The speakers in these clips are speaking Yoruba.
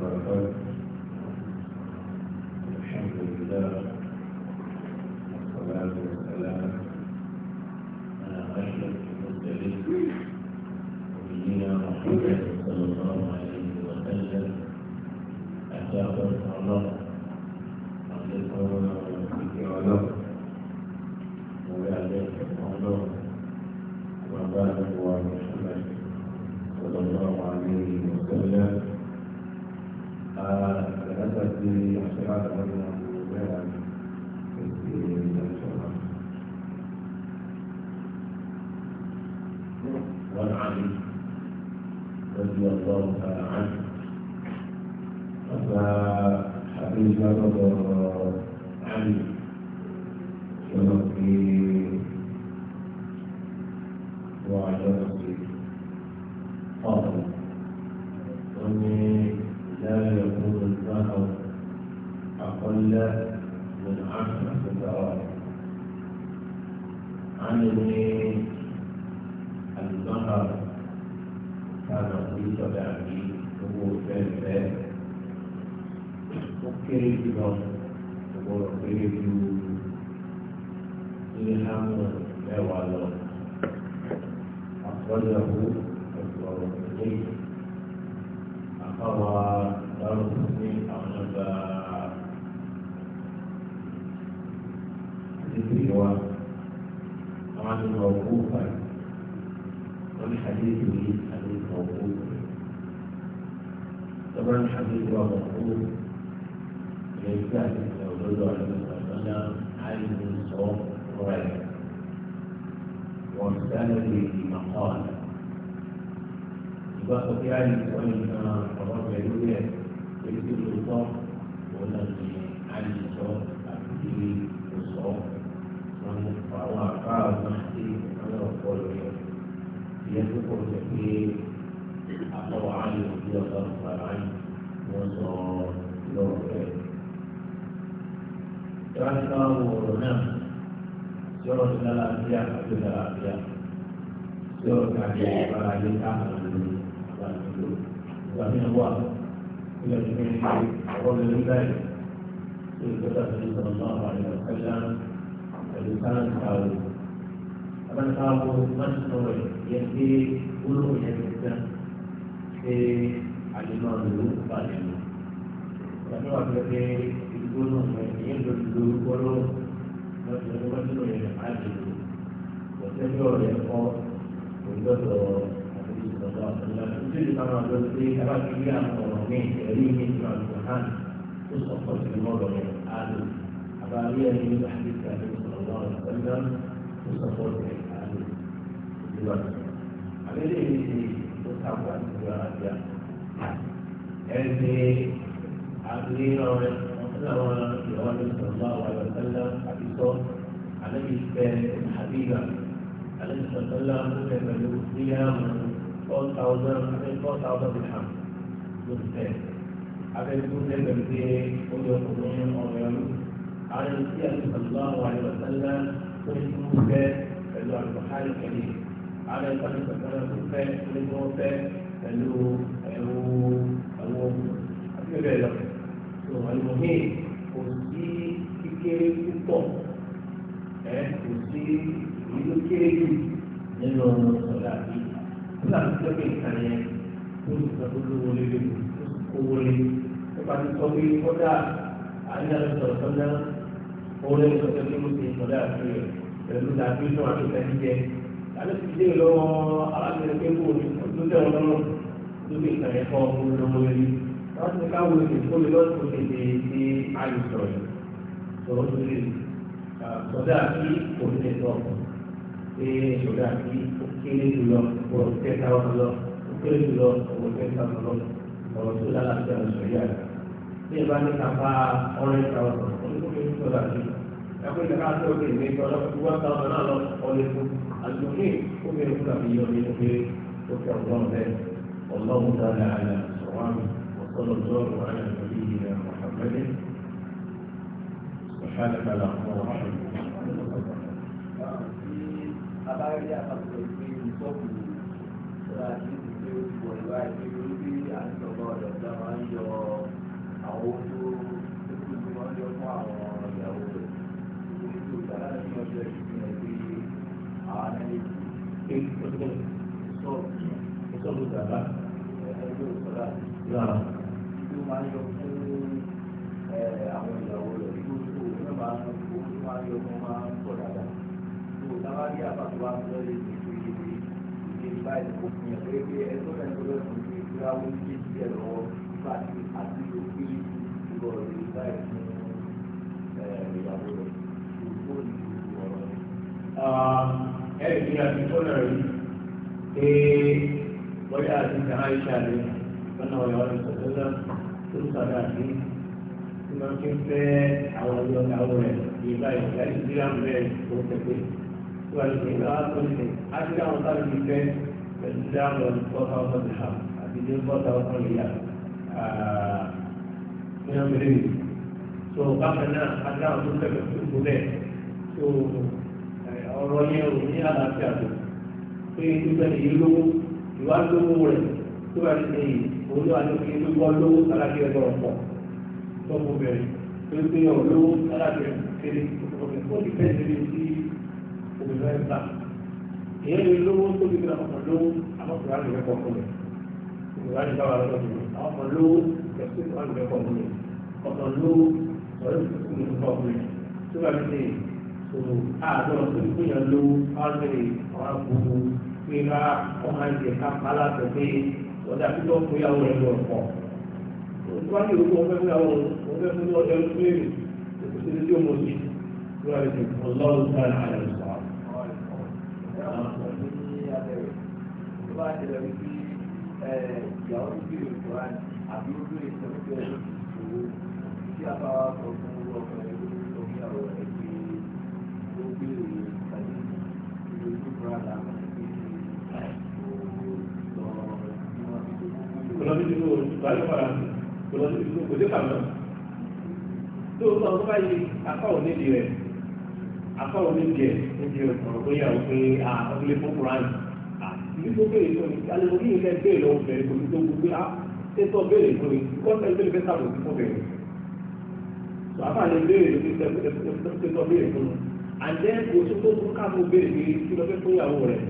أما بعد الحمد لله والصلاة والسلام على أشرف المرسلين نبينا محمد صلى الله عليه وسلم أتاه الله عليكم ورحمة الله وبارك ومحمد صلى الله عليه وسلم من الصراط والعلي رضي الله تعالى عنه عن ابن الظهر كان في سبعه امور ثالثه فكر في وقريب الهام لا أخرجه الطرفين أخرى دار الحسين أغلب عن موقوفا والحديث به حديث موقوف طبعا الحديث هو موقوف ليس يعني يدل على الصلاه والسلام عين صوم قريب في مقال يبقى في عين صوم الرب يقول يكتب الصوم ولا عين صوم الصوم àwọn àká àwọn àti àwọn ọpọlọ rẹ ìyẹn tó kọ jẹ pé àbọwọ ayé òbí ọgá ọgbà ayé wọn sọ lọ́rọ̀ rẹ. ìwádìí wọn wò ọ̀rọ̀ náà tí ọ̀rọ̀ ti dára bí àkàtúntò dára bí a tí ọ̀rọ̀ ti àjẹ ìbára yé káàkiri lórí àgbà ìlú ìgbà mi wà ilẹ̀ ìgbẹ́ ọ̀rọ̀ lórí báyìí tí ìgbésà tó ń sọ̀rọ̀ náà wà ní ọ̀kẹ́lẹ́ pẹ̀lú kárọ̀tì káwọ́ abánikáwọ́ máa ń sọ̀rọ̀ yẹn pé olóòwò yẹn ti tán pé àlejò ló ń bà lè lò ìyàtọ̀ wà pé pé ìdúgbò náà fẹ́ ìyẹn ló ti lo gbọ́dọ̀ lọ́sẹ̀ tó wọ́n sọ̀rọ̀ yẹn á lè lò lọ́sẹ̀ tó ọ̀rẹ́ kọ́ òǹdọ́dọ̀ àti ìsọ̀dọ̀ àtọ̀lá tó ti ká máa lọ sí abájúwé àwọn ọ̀rọ̀ ti máa lò الله عليه وسلم تصور الإيمان بالوجه àbẹ̀lẹ̀ yìí ló sábà ń gbé àjà ẹ̀sìn àgbéyọ̀ ọ̀sánwó ìyàwó ìsọ̀lá wàlẹ̀ sẹ́lẹ̀ àbísọ̀ àlẹ́bí fẹ́ àbíyà àlẹ́bí sọ̀tọ́lá ló fẹ́ pẹ̀lú bíyàmù four thousand àbẹ̀ four thousand dirham ló fẹ́ abẹ́tú fẹ́ pẹ̀lú pé ó yọ àwọn ẹni tí a ti sọ̀rọ̀ àwọn àyẹ̀wò sẹ́lẹ̀ tó ní kí wọ́n fẹ́ pẹ̀lú àlùfáàlì kẹ́lẹ́ àwọn ẹni tí a ti sọ̀rọ̀ tó fẹ́ tó ní kí wọ́n fẹ́ pẹ̀lú ẹ̀wọ̀ ẹ̀wọ̀ àti bẹ́ẹ̀ lọ. tó àlùmọ́hìn kò sí kékeré púpọ̀ ẹ kò sí ìlú kéré orí ìtọ́jú tí mo ti ń sọ̀rọ̀ àti pẹ̀lú dàbí tó àti tẹ̀lé jẹ. Àbí ti dé lọ́wọ́ alábẹ̀rẹ̀ pé kò ní tó tẹ̀ wọ́n lọ́rùn lórí ìtàgé fọ́ ọmọ lọ́wọ́ lórí. Wọ́n ti káwọ́ èdè tó lè lọ́sùn èdè ní àyùsọ̀ yìí. Sọ̀rọ̀ tó lè sọ̀dá kí kò ní lè tọ̀ pé sọ̀dá kí ó kéré jùlọ ọ̀rọ̀ kẹta ọ̀rọ̀ lọ ó kéré jùlọ ọ̀rọ̀ kẹta ọ̀rọ̀ lọ ọ̀rọ̀ tó dára sí àyùsọ̀ yìí àgbà ní ìbá ní kàfá ọ̀rẹ́ ìtàwọn olùkókè ní sọlá sí ẹ̀kọ́ ìtàkà àti òkè ìwé ìtọ́lá fún wọn táwọn náà lọ ọlẹ fún àlùmí òkè ìlú kàfí yọ ní òkè òkè ọgbọ́n bẹ́ẹ̀ ọlọ́run dáadáa àlà sọ̀wámi ọ̀sọ́lọ̀ dọ́ọ̀rù àlà ìlú ìlà mọ̀hàmẹ́dẹ́ سبحانك اللهم وبحمدك abáyọ̀dé àpapọ̀ ìpè ìsọ́kù ṣọlá àti ìdílé òṣùwọ̀n ìwà ìpè orí àti ọgbà ọ̀dọ̀ ọ̀dọ̀ máa ń yọ àwọn nípa ti àti òfin ìwọ̀ rẹ̀ báyìí fún ìyàwó rẹ̀ tó ní ìwọ̀ rẹ̀. Ah, ẹ̀rì ni àti sọ́nà rí pé bọ́yá àti ìtàn àìṣà rẹ̀ lọ́nà ọ̀yọ́ rẹ̀ sọ̀tọ́lá tó sọ̀rọ̀ àti tí wọ́n ti ń fẹ́ àwọn ọjọ́ ìyàwó rẹ̀ yìí báyìí láti ìdílé àwọn rẹ̀ tó tẹ̀lé tí wọ́n ti ń lọ àtúnṣe àti àwọn sáré ti fẹ́ pẹ̀lú dáhùn ọ̀dùn fọ́tà ọ̀sán ìhà àti ilé fọ́tà ọ̀sán ìyá ẹ̀yàn ah, mẹ́rin so bákan náà adá ọdún kẹfẹ́ tó kú bẹ́ẹ̀ so ọ̀rọ̀ yẹn ò ní àlàáfíà tó pé ìgbẹ́ yìí lówó ìwà lówó rẹ̀ tó bá ti ṣe yìí òun ló wà ní pé lówó lówó alábíyẹ lọ́rọ̀ pọ̀ tó kú bẹ́ẹ̀ tó ń pín ọ̀rọ̀ lówó alábíyẹ kéré ó ti fẹ́ẹ́ ṣe sí obìnrin ẹ̀ bá èyí lówó tó ti fi àwọn ọ̀pọ̀ lówó àwọn ọ̀pọ̀ láti rẹ̀ pọ̀ fún mi ìwà ọkọ̀ lówó ẹ̀sìn ọ̀gbẹ̀ pọ̀gbọ̀n ọkọ̀ lówó ọ̀rẹ́ ìfúnni pọ̀gbọ̀n tó bá mi lè so àádọ́ tó ń gbìyàn lówó ọ̀rẹ́ ọ̀rá gbogbo pé ká ọmọ ẹ̀jẹ̀ ká pálá tó pé ọ̀dà pípọ̀ fúyàwó rẹ̀ lọ pọ̀ wọ́n ní orúkọ ọ̀fẹ́ fúyàwó ọ̀fẹ́ fúyàwó ọ̀dà ìfúnni òṣèlú tí ó mọ̀ sí ọlọ́run sáà àlẹ́ ìsọ̀rọ̀ ìyàwó tó bèrè koran àbí ó bèrè tó bèrè ìṣòro tí a bá wà sọ fún ọkùnrin tó ń sọ fún àwọn ẹgbẹ́ tó bèrè tàbí ìlú tó koran làwọn ẹgbẹ́ tó lọ sí wọn fi tó bèrè. kọlọ́bí nínú ìbálẹ̀ fara kọlọ́bí nínú kò dé kàmọ́ tó o sọ fún báyìí apá ò nídìí rẹ̀ apá ò nídìí rẹ̀ nídìí rẹ̀ kọ̀ọ̀ bóyá òfin àkọsílẹ̀ fún koran ní tó béèrè fún mi alẹ́ orí ilẹ̀ béèrè lọ́wọ́ bẹ̀rẹ̀ kò ní tó gbogbo á tẹ́tọ́ béèrè fún mi kọ́ńtà ìbéèrè fẹ́ sàrò fún bẹ̀rẹ̀ tó àbá lè béèrè lórí tẹ́tọ́ béèrè fún mi àjẹ́ kò tó tó tó ká mo béèrè pé kí lọ fẹ́ fún ìyàwó rẹ̀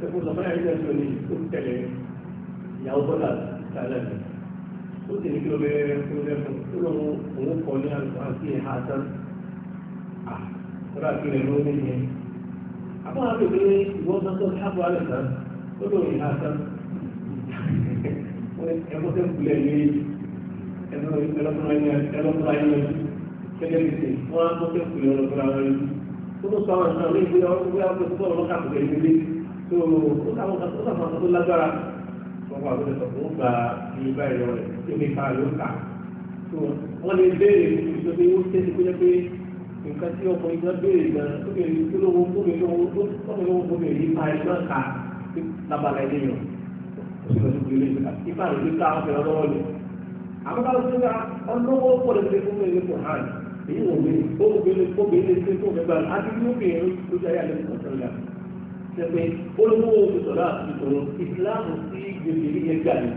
tẹ́kọ̀ sọ̀fẹ́ yàrá ìjọba ìjọba tó ń tẹ̀lé ìyàwó bọ́lá ìtàlẹ́ mi ó sì ní kí ó lò ní àtàn ẹgbọ́n tẹ́ kulẹ̀ ní ẹlọ́kùnrin ayé gẹ́gẹ́ bí ṣe wọ́n á mọ́ tẹ́ kulẹ̀ ọlọ́kùnrin ayé tó tó sọ àwọn ìṣàn ní ìgbéyà wọ́n gbé àwọn tó sọ̀rọ̀ lọ́kà kulẹ̀ nílé tó ó sàmọ́ kan tó lágbára wọ́n wà lórí ọ̀pọ̀ ó gba iye báyìí lọ rẹ̀ tó ní ká ló kà tó wọ́n lè béèrè ìjọba yóò tẹ́ ti kúlẹ̀ pé nǹkan tí ọkùnrin náà béèrè gan-an tó béèrè tó lówó tó lábàlá ilé yàn òṣèlú tó gbélé ipa rẹ̀ nípa ọ̀fẹ́ ọlọ́wọ́ ni. àbúrò tó ga ọlọ́wọ́ pọ̀lẹ̀ tó fún mi kò hàn èyí wò mí ó gbélé ó gbélé tó fún mi gbàgbọ́ àti bí ó fi èrè tó jẹ́ àyà lẹ́nu ọ̀sán yà. sẹ́pẹ́ olówó ìsọ̀rọ̀ ìsọ̀rọ̀ ìsìláàmù sí gbèbèrè yẹn gbà ní.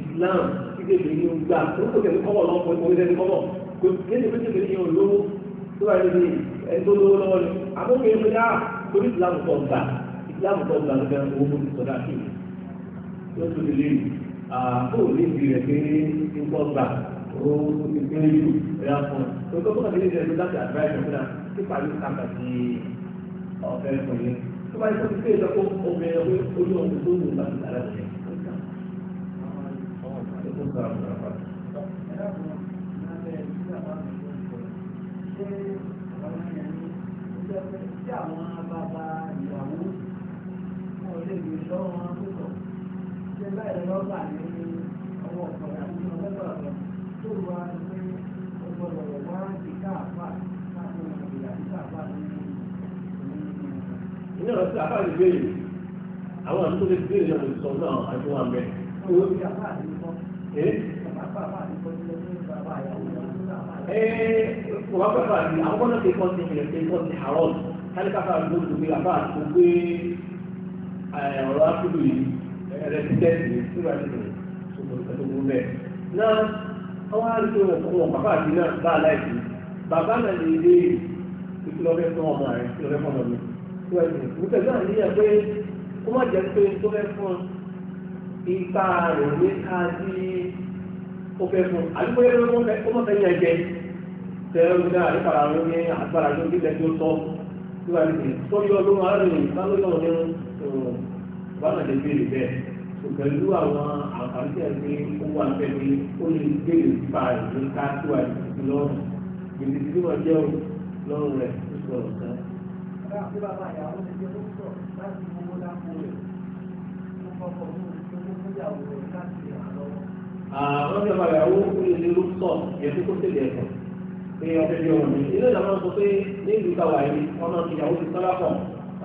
ìsìláàmù sí gbèbèrè yẹn gbà ó kò tẹ̀lé kọ́wọ́ lọ́wọ́ kò tẹ̀lé kọ́wọ́ islam tó gba lọ́gbẹ́ owó mú ti sọ́dá sí i yóò tún lè àbò níbi rẹ̀ pé nǹkan gbà ó ti gbé yù ẹ̀yà fún un tó kọ́kọ́ nílé ìrẹ̀lú láti àdúráì tó kúrà tí pàlú kàkà sí ọ̀fẹ́ fún yín tó bá yẹ kó ti gbé ìjọpọ̀ omi ẹ̀ ojú ọ̀hún tó wù láti dára sí i. Thank you wọn lè lè lọ wọn tó kọ tó wà pé ọgbọ̀dọ̀ wá sí káàpá káàpọ̀ ìgbà sí ọ̀rọ̀ sí apá ìbéèrè àwọn àti tó lè béèrè náà lè sọ náà àti wọn mẹ. owó ti sí bàbá àyàwó àwọn náà ti kọ́ sí ilẹ̀ tí wọ́n ti àrọ́ kálíkàfà ló Eh, ọ̀rọ̀ ápùlù yìí ẹ̀rẹ́sìdẹ́sì nígbà tí ṣùgbọ́n ìtọ́jú gbogbo bẹ́ẹ̀. náà ọwọ́ àrùtò ọ̀pọ̀ bàbá àti náà bá aláìsí bàbá náà lè dé ìfilọ́fẹ́ fún ọmọ rẹ̀ ìfilọ́fẹ́ fún ọmọ mi. nígbà náà ní ẹ pé kó má jẹ́ pé tó fẹ́ fún ipa rẹ̀ ní ká sí ó fẹ́ fún àdúgbò yẹn ló mọ̀ fẹ́ tó báwọn lè béèrè bẹ́ẹ̀ tó pẹ̀lú àwọn àǹfààní tẹ̀ pé ó wà bẹ́ẹ̀ pé ó lè béèrè pa ìlú ká tó àìsí lọ́rùn gbèsè tí wọ́n jẹ́ lọ́rùn rẹ̀ tó sọ̀rọ̀ sẹ́. ọ̀gá àti bàbá ìyàwó ti jẹ́ lóṣọ̀ láti mú lápò rẹ̀ tó kọ́kọ́ mú ìyàwó rẹ̀ láti àlọ́wọ́. àwọn ọ̀gá bàbá ìyàwó kúrò ní lóṣọ̀ yẹ kó tẹ̀lé ẹ̀kọ́ pé ọ̀fẹ́ bí ọmọ mi ilé ìjọba sọ pé ní ìlú káwáyé ọmọ ìyàwó ti sọ́lá pọ̀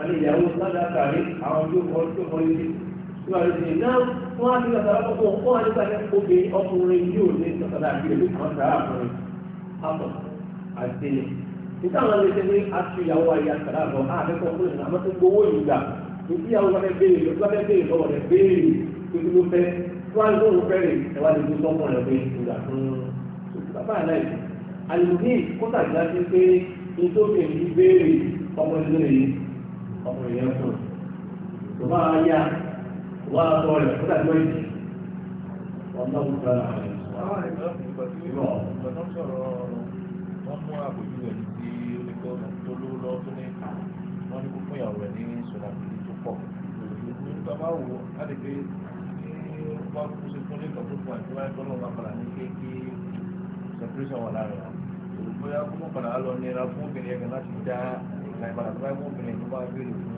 wọ́n ní ìyàwó sọ́dà kàrí àwọn ojú ọkọ̀ ojú ọkọ̀ yìí tí wọ́n ti ní náà wọ́n á ti lọ sọ́dà kọ́kọ́ wọ́n á nípa ẹ̀kọ́ pé ọkùnrin yóò ní sọ́dà àbí ìlú kan sára àkùnrin àpọ̀ àti ilẹ̀. nígbà wọn lè ṣe ní aṣọ ìyàwó àyà sọ́dà àbọ̀ àbẹ́kọ̀ ọkùnrin àmọ́ tó gbowó ìgbà ìgbéyàwó wọn fẹ́ béèrè lọ́wọ́ fẹ́ béèrè lọ́wọ́ rẹ̀ béèrè tóbi ló fẹ́ wọ́n ló ń fẹ́rẹ̀ ẹ̀wá ọmọ ìyẹn fún un tó bá yá wà á tọ́ rẹ̀ kó dàgbọ́ ìdí ọmọ òkúta náà rẹ̀. Ìgbà tó ń sọ̀rọ̀ wọ́n mú àbójú rẹ̀ sí oníkọ́ tó lówó lọ́wọ́ tó ní wọ́n ní kó fún ìyàwó rẹ̀ ní sọ̀rọ̀ pọ̀ nípa bá wò á lè pe ní wọ́n kú sí fún nípa tó fún àti wáyé tọ́lọ́ wọn padà ní kéèké separation wà lára wọn. Olùkọ́ yà kó mọ̀ padà lọ nira fún obìnrin ẹ̀gàn láti dá ìgbàlẹ̀ padà tó bá gbọ́ obìnrin tó bá béèrè fún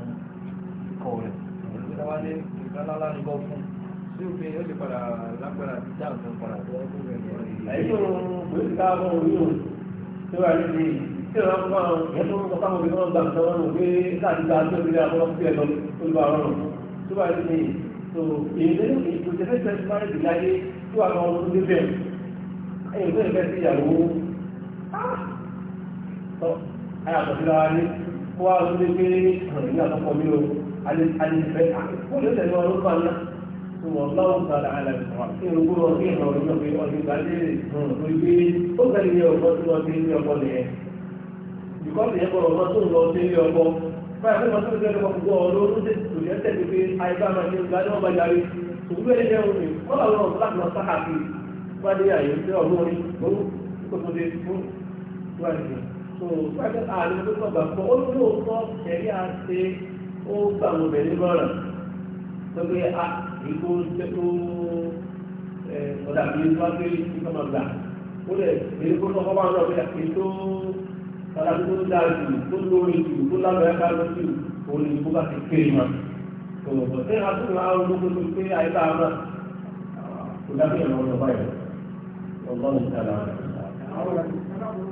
ikọ̀ rẹ̀ òun tó bá lé ìgbàlálá ní bọ́ fún tí obìnrin yóò lè padà lágbára ti dá nǹkan padà tó wọ́n gbọ́ rẹ̀. àyè tó gbèsè káàbọ̀ orí o tí wàá lè di tí wọ́n fún àwọn ìyẹn tó ń sọ fáwọn obìnrin wọn gbà tó wọn gbé láti gba tó ìdílé àwọn ọmọ sílẹ̀ lọ tó lù àwọn ọ̀rọ̀ tó wàá lè di tó èdè ìtòsẹ́fẹ́ tẹ́sí máa ń dì láyé tó àwọn ọmọ tó dé bẹ̀rẹ̀ ẹ̀yìn tó ìfẹ́ sí ìyàwó ah! ayàtọ̀ sí lára ní ó wá lórí pé ìgbà tó kọ mí o alẹ́fẹ́ ó lè tẹ̀lé wọn ló kọ́ tó wọ́n lọ́wọ́ sọ̀rọ̀ àlẹ́ kí n gbúrọ̀ kí n lọ́wọ́ yọ pé ọdún ìgbà lè rí pé ó fẹ́ ilé ọkọ tí wọ́n ti tó ń lọ sí tó pẹ́pẹ́ ààrẹ ló kọ̀ gbàgbọ́ ó ní òótọ́ ṣẹ̀rí àṣẹ ó gbà wọn bẹ̀rẹ̀ lọ́rọ̀ pẹ́pẹ́ à ìgbó ṣe tó ọ̀dà bíi wá pé ìgbà máa gbà ó lẹ̀ èyí kó lọ́kọ́ bá ń lọ bí àti tó ọ̀dà tó dáa jù tó lórí jù tó lábẹ́rẹ́ bá lọ jù òun ni kó bá ti kéré máa tòwòtò ṣé àtúntò àwọn ológun tó pé àyíká àmà kò dábìyàn lọ́wọ́ lọ́wọ́ báyìí ọlọ́run ti àlàáfíà.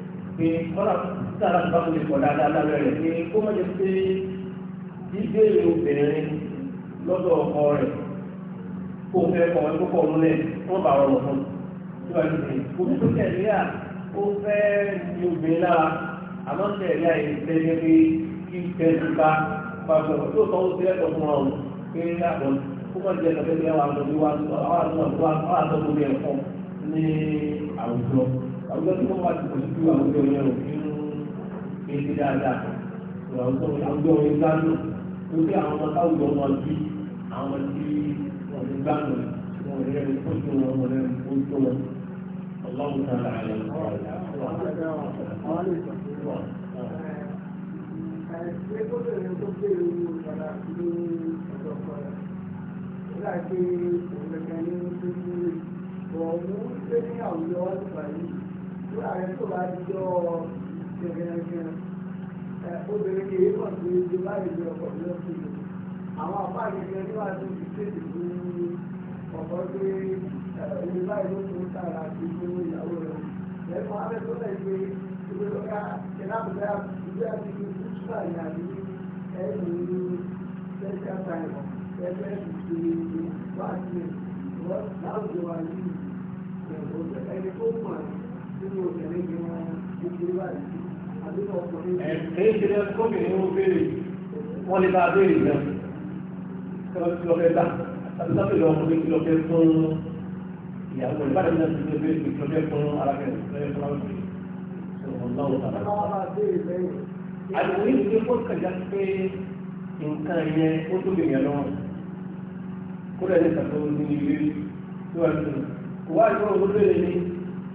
pé kọ́lá sára nípa tó lè pọ̀ dáadáa lábẹ́ rẹ̀ pé kó má jẹ́ pé bíbélì obìnrin lọ́dọ̀ ọkọ rẹ̀ kó fẹ́ kọ́ ẹ kókó ọ̀run lẹ̀ wọ́n bá rọrùn fún un síwájú pé òbí tó tẹ̀lé à ó fẹ́ ní obìnrin lára àmọ́ tẹ̀lé à yìí fẹ́ ní pé kí tẹ̀lé bá bá gbọ̀rọ̀ tó tọ́ ó ti lẹ́tọ̀ fún ọ pé àbọ̀ kó má jẹ́ ẹ̀ka tẹ̀lé àwọn àtọ̀ ní àwùjọ àwùjọ tí wọ́n wá ti pèsè ju àwùjọ yẹn ò fi ń ṣe dáadáa àwùjọ àwùjọ yẹn gbádùn ó pé àwọn ọmọ táwùjọ wọn bí àwọn tí wọ́n ti gbádùn wọn ò rẹ́rìn kó tó wọn wọn rẹ́rìn kó tó wọn ọlọ́run kan là lọ. Ẹgbẹ́ tó bẹ̀rẹ̀ ní ọ̀dọ̀ kan láti òun gẹ́gẹ́ ní ojú ṣé ní àwùjọ wá ti bàyìí láàrin tó bá jọ gẹ̀gẹ̀rẹ̀gẹ̀rẹ̀ obìnrin kì í mọ̀ sí ojú báyìí lọ ọkọ̀ lọ sí i àwọn àpá àgbẹ̀gẹ̀ nígbà tó ti tètè fún ọ̀pọ̀ pé ojú báyìí ló tún tààrà sí fún ìyàwó Èyí ṣe lẹ́yìn gómìnà ó béèrè wọ́n lè bá béèrè náà. Kẹ́wọ́n ti lọ fẹ́ gbà. Àti sábẹ̀ lọ ọkùnrin ti lọ fẹ́ fún ìyàwó rẹ̀. Báyìí náà ti lọ béèrè ti lọ fẹ́ fún arákùnrin lọ́yẹ̀ fún arákùnrin. Sọ̀rọ̀ náà wọ̀ sábà. Àdìgbò yìí ti kó kàjá pé nǹkan yẹn ó tó bèèyàn lọ́wọ́. Kó lẹ́yìn ìtàkùn ní ilé tí wọ́n ti wá ìfọ̀rọ̀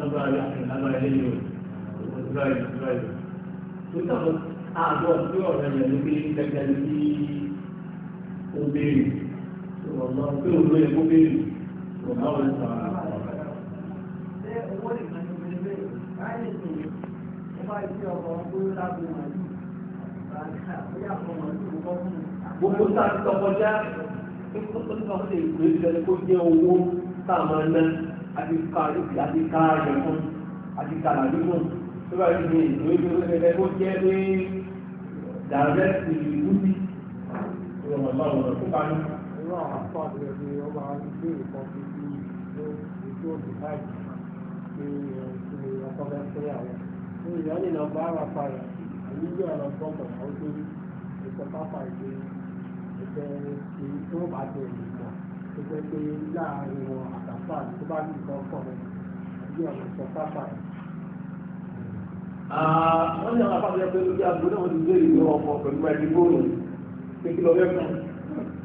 lágbára yàtọ̀ lágbára eléyìí o ìgbà ìgbà ìgbà. tó sàbọ̀ àgọ́ tí ọ̀rẹ́ yẹn ló gbé gẹ́gẹ́ bí ó béèrè ọ̀nà pé òun ló yẹ kó béèrè ọ̀nà ọ̀rẹ́ sàrà. ṣé owó nìkan ni mo lè bẹ̀rẹ̀ láyé ìṣòro mo máa ọkọ̀ ọ̀gbọ́n lábẹ́ màálù bóyá ọkọ̀ màálù kọ́ fún mi. gbogbo sáà tọkọjá àti ká àti àti ká ayọ̀ fún àti ká àlàyé fún tó bá yẹ kí ìwé tó ń lẹ́lẹ́ kó jẹ́ pé dàrẹ́tì ìwúdí ìrọ̀mọ̀ bá wọn tó bá ní. irú àwọn àpáàdé ẹbí ọba ìbéèrè kan fi bí ojú òbí láì pé ìṣe ọkọ̀fẹ́ fẹ́yàwó ní ìyáni lọ bá ara parẹ̀ àyè ìgbé ọ̀nà gbọ́dọ̀ àwọn tó rí ìkọ̀ pápá ìgbé ìfẹ́ èyí tó bá tẹ̀ ìgbọ̀ tó fẹ́ pé láàárín wọn àpá tó bá ní nǹkan ọkọ rẹ bí ọ̀rọ̀ sọ pápá rẹ. wọ́n ní àwọn àpapọ̀ yẹn pé lójú àgbo náà wọ́n ti gbé ìlú ọkọ̀ pẹ̀lú ẹni bóòlù pé lọ bẹ́ẹ̀ kàn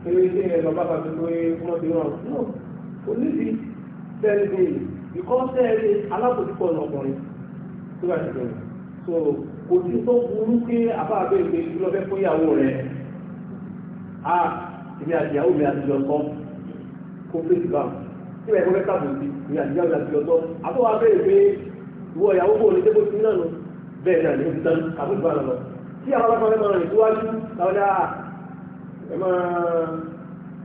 pé ẹ̀ lọ bá tó yẹ wọ́n ti rán ọ́ onídìí sẹ́ẹ̀lì bẹ́ẹ̀lì ìkọ́ sẹ́ẹ̀lì alábòjúkọ̀ ọ̀nàkùnrin tó bá ti bẹ̀rẹ̀ so kò sí tó burú pé àbá àbẹ́ àti ìyàwó mi àti ìjọ sọ kó fèsì báwọn tí wọ́n yẹ sí ní àdìyá ọ̀dà ti ọ̀tọ̀ àbúrò pé ìwọ ìyàwó bò ní débò sí náà bẹ́ẹ̀ náà ní o tán àbúrò bá lọ tí àwọn aláfọwọ́ ẹ máa rìn síwájú táwọn dáa ẹ máa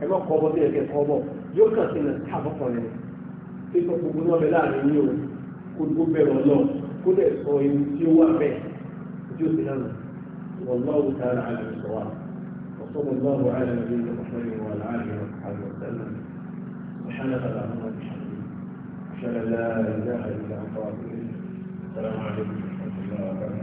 ẹ máa kọ́ bọ́ sí ẹ̀kẹ́ kọ́ bọ́ yóò kàn sí nà káàbọ̀kọ̀ rẹ̀ pípọ̀ gbogbo náà bẹ láàrin yìí o kó dúró bẹ̀rẹ̀ ọ̀nà kó dẹ̀ sọ ewu tí ó wà bẹ́ẹ̀ tí ó sì náà nù والله تعالى على الصواب وصلى الله على نبينا سبحانك اللهم وبحمدك أشهد أن لا إله إلا أنت السلام عليكم ورحمة الله وبركاته